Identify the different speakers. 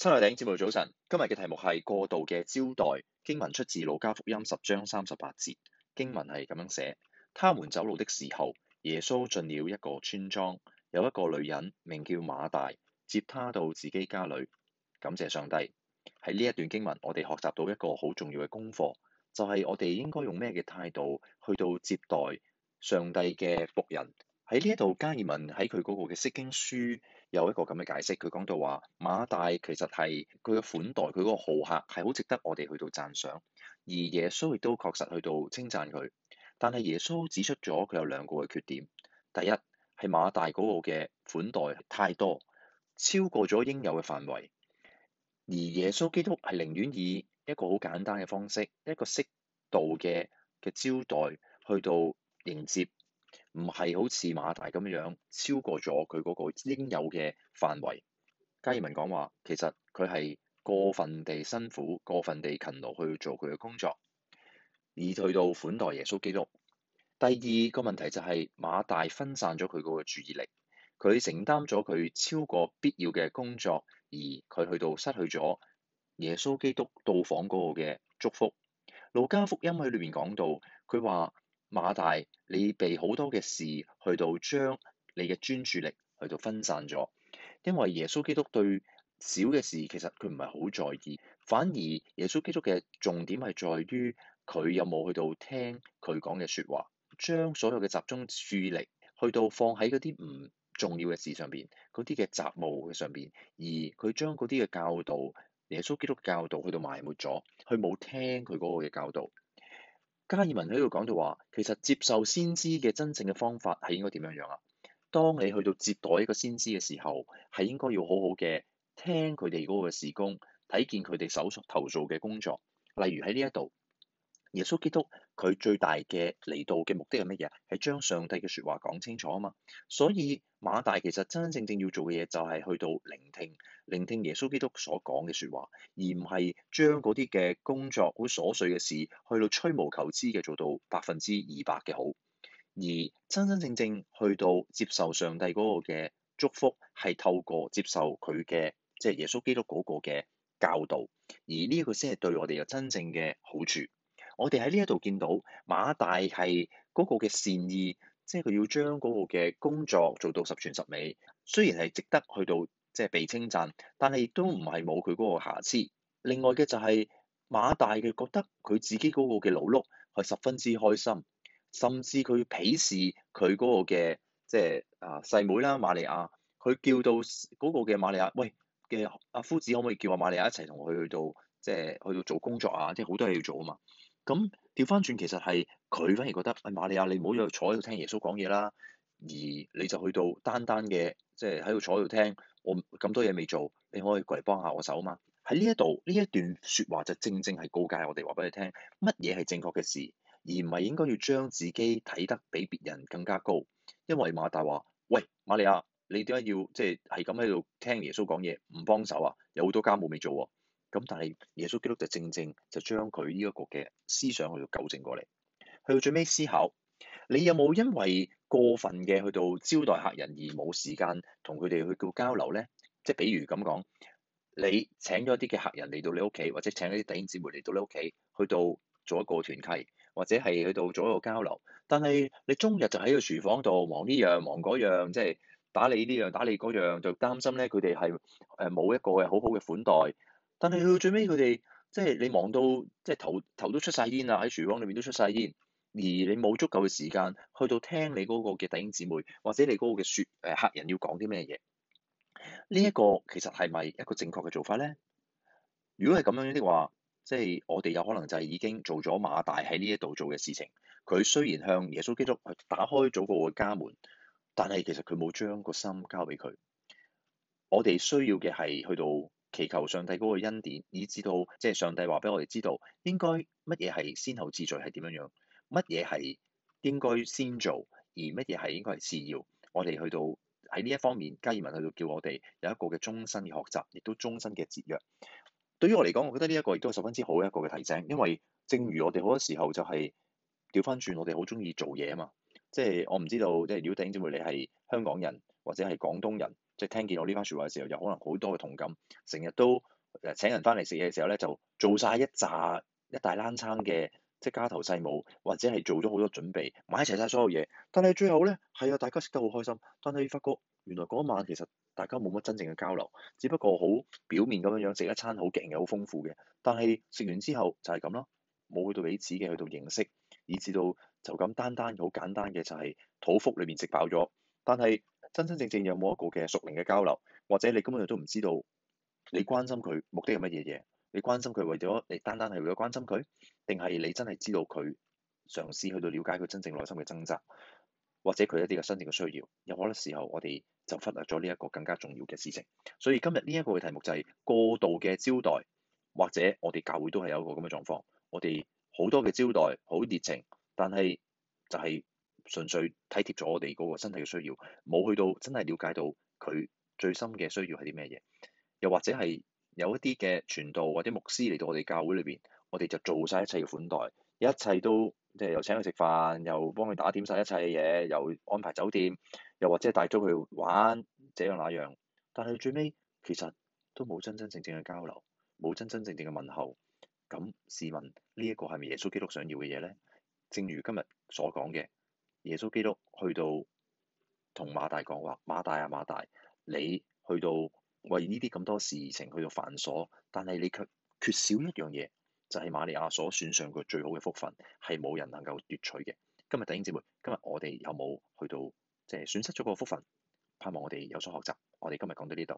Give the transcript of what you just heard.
Speaker 1: 親愛弟兄姊妹早晨，今日嘅題目係過度嘅招待。經文出自路加福音十章三十八節，經文係咁樣寫：他們走路的時候，耶穌進了一個村莊，有一個女人名叫馬大，接他到自己家裡，感謝上帝。喺呢一段經文，我哋學習到一個好重要嘅功課，就係、是、我哋應該用咩嘅態度去到接待上帝嘅僕人。喺呢一度，加爾文喺佢嗰個嘅釋經書有一個咁嘅解釋，佢講到話馬大其實係佢嘅款待佢嗰個好客係好值得我哋去到讚賞，而耶穌亦都確實去到稱讚佢，但係耶穌指出咗佢有兩個嘅缺點，第一係馬大嗰個嘅款待太多，超過咗應有嘅範圍，而耶穌基督係寧願以一個好簡單嘅方式，一個適度嘅嘅招待去到迎接。唔係好似馬大咁樣超過咗佢嗰個應有嘅範圍。加爾文講話，其實佢係過分地辛苦、過分地勤勞去做佢嘅工作，而去到款待耶穌基督。第二個問題就係、是、馬大分散咗佢嗰個注意力，佢承擔咗佢超過必要嘅工作，而佢去到失去咗耶穌基督到訪嗰個嘅祝福。路加福音喺裏面講到，佢話。馬大，你被好多嘅事去到將你嘅專注力去到分散咗，因為耶穌基督對小嘅事其實佢唔係好在意，反而耶穌基督嘅重點係在於佢有冇去到聽佢講嘅說話，將所有嘅集中注意力去到放喺嗰啲唔重要嘅事上邊，嗰啲嘅雜務嘅上邊，而佢將嗰啲嘅教導耶穌基督教導去到埋沒咗，佢冇聽佢嗰個嘅教導。加爾文喺度講到話，其實接受先知嘅真正嘅方法係應該點樣樣啊？當你去到接待一個先知嘅時候，係應該要好好嘅聽佢哋嗰個事工，睇見佢哋手做投訴嘅工作，例如喺呢一度。耶穌基督佢最大嘅嚟到嘅目的係乜嘢？係將上帝嘅説話講清楚啊嘛。所以馬大其實真真正正要做嘅嘢就係去到聆聽聆聽耶穌基督所講嘅説話，而唔係將嗰啲嘅工作好瑣碎嘅事去到吹毛求疵嘅做到百分之二百嘅好。而真真正正去到接受上帝嗰個嘅祝福，係透過接受佢嘅即係耶穌基督嗰個嘅教導，而呢一個先係對我哋有真正嘅好處。我哋喺呢一度見到馬大係嗰個嘅善意，即係佢要將嗰個嘅工作做到十全十美。雖然係值得去到即係、就是、被稱讚，但係亦都唔係冇佢嗰個瑕疵。另外嘅就係、是、馬大嘅覺得佢自己嗰個嘅勞碌係十分之開心，甚至佢鄙視佢嗰、那個嘅即係啊細妹啦瑪利亞，佢叫到嗰個嘅瑪利亞，喂嘅阿、啊、夫子可唔可以叫我瑪利亞一齊同佢去到即係、就是、去到做工作啊？即係好多嘢要做啊嘛～咁調翻轉，其實係佢反而覺得，哎，馬利亞，你唔好喺度坐喺度聽耶穌講嘢啦，而你就去到單單嘅，即係喺度坐喺度聽，我咁多嘢未做，你可以過嚟幫下我手啊嘛。喺呢一度呢一段説話就正正係告誡我哋話俾你聽，乜嘢係正確嘅事，而唔係應該要將自己睇得比別人更加高。因為馬大話，喂，馬利亞，你點解要即係係咁喺度聽耶穌講嘢，唔幫手啊？有好多家務未做喎、啊。咁但係耶穌基督就正正就將佢呢一個嘅思想去到糾正過嚟，去到最尾思考你有冇因為過分嘅去到招待客人而冇時間同佢哋去叫交流咧？即係比如咁講，你請咗啲嘅客人嚟到你屋企，或者請啲弟兄姊妹嚟到你屋企，去到做一個團契，或者係去到做一個交流，但係你終日就喺個廚房度忙呢樣忙嗰樣，即係打理呢樣打理嗰樣，就擔心咧佢哋係誒冇一個嘅好好嘅款待。但係去到最尾，佢哋即係你忙到即係頭頭都出晒煙啊！喺廚房裏面都出晒煙，而你冇足夠嘅時間去到聽你嗰個嘅弟兄姊妹，或者你嗰個嘅説誒客人要講啲咩嘢？呢一個其實係咪一個正確嘅做法咧？如果係咁樣嘅話，即係我哋有可能就係已經做咗馬大喺呢一度做嘅事情。佢雖然向耶穌基督去打開咗個家門，但係其實佢冇將個心交俾佢。我哋需要嘅係去到。祈求上帝嗰個恩典，以至到即係上帝話俾我哋知道，應該乜嘢係先後次序係點樣樣，乜嘢係應該先做，而乜嘢係應該係次要。我哋去到喺呢一方面，加爾文去到叫我哋有一個嘅終身嘅學習，亦都終身嘅節約。對於我嚟講，我覺得呢一個亦都係十分之好一個嘅提醒，因為正如我哋好多時候就係調翻轉，我哋好中意做嘢啊嘛。即係我唔知道，即係 Liu Ting 姊妹你係香港人或者係廣東人。即係聽見我呢番説話嘅時候，有可能好多嘅同感。成日都誒請人翻嚟食嘢嘅時候咧，就做晒一紮一大攬餐嘅，即係家頭細務，或者係做咗好多準備，買齊晒所有嘢。但係最後咧，係啊，大家食得好開心。但係發覺原來嗰晚其實大家冇乜真正嘅交流，只不過好表面咁樣樣食一餐好勁嘅、好豐富嘅。但係食完之後就係咁咯，冇去到彼此嘅去到認識，以至到就咁單單好簡單嘅就係肚腹裏面食飽咗。但係真真正正有冇一個嘅熟齡嘅交流，或者你根本都唔知道你關心佢目的係乜嘢嘢？你關心佢為咗你單單係為咗關心佢，定係你真係知道佢嘗試去到了解佢真正內心嘅掙扎，或者佢一啲嘅真正嘅需要？有好多時候我哋就忽略咗呢一個更加重要嘅事情。所以今日呢一個嘅題目就係過度嘅招待，或者我哋教會都係有一個咁嘅狀況，我哋好多嘅招待好熱情，但係就係……純粹體貼咗我哋嗰個身體嘅需要，冇去到真係了解到佢最深嘅需要係啲咩嘢，又或者係有一啲嘅傳道或者牧師嚟到我哋教會裏邊，我哋就做晒一切嘅款待，一切都即係、就是、又請佢食飯，又幫佢打點晒一切嘅嘢，又安排酒店，又或者係帶咗佢玩這樣那樣，但係最尾其實都冇真真正正嘅交流，冇真真正正嘅問候。咁，試問呢一、這個係咪耶穌基督想要嘅嘢咧？正如今日所講嘅。耶穌基督去到同馬大講話，馬大啊馬大，你去到為呢啲咁多事情去到繁瑣，但係你卻缺，缺少一樣嘢，就係馬利亞所選上佢最好嘅福分，係冇人能夠奪取嘅。今日弟兄姊妹，今日我哋有冇去到即係損失咗個福分？盼望我哋有所學習。我哋今日講到呢度。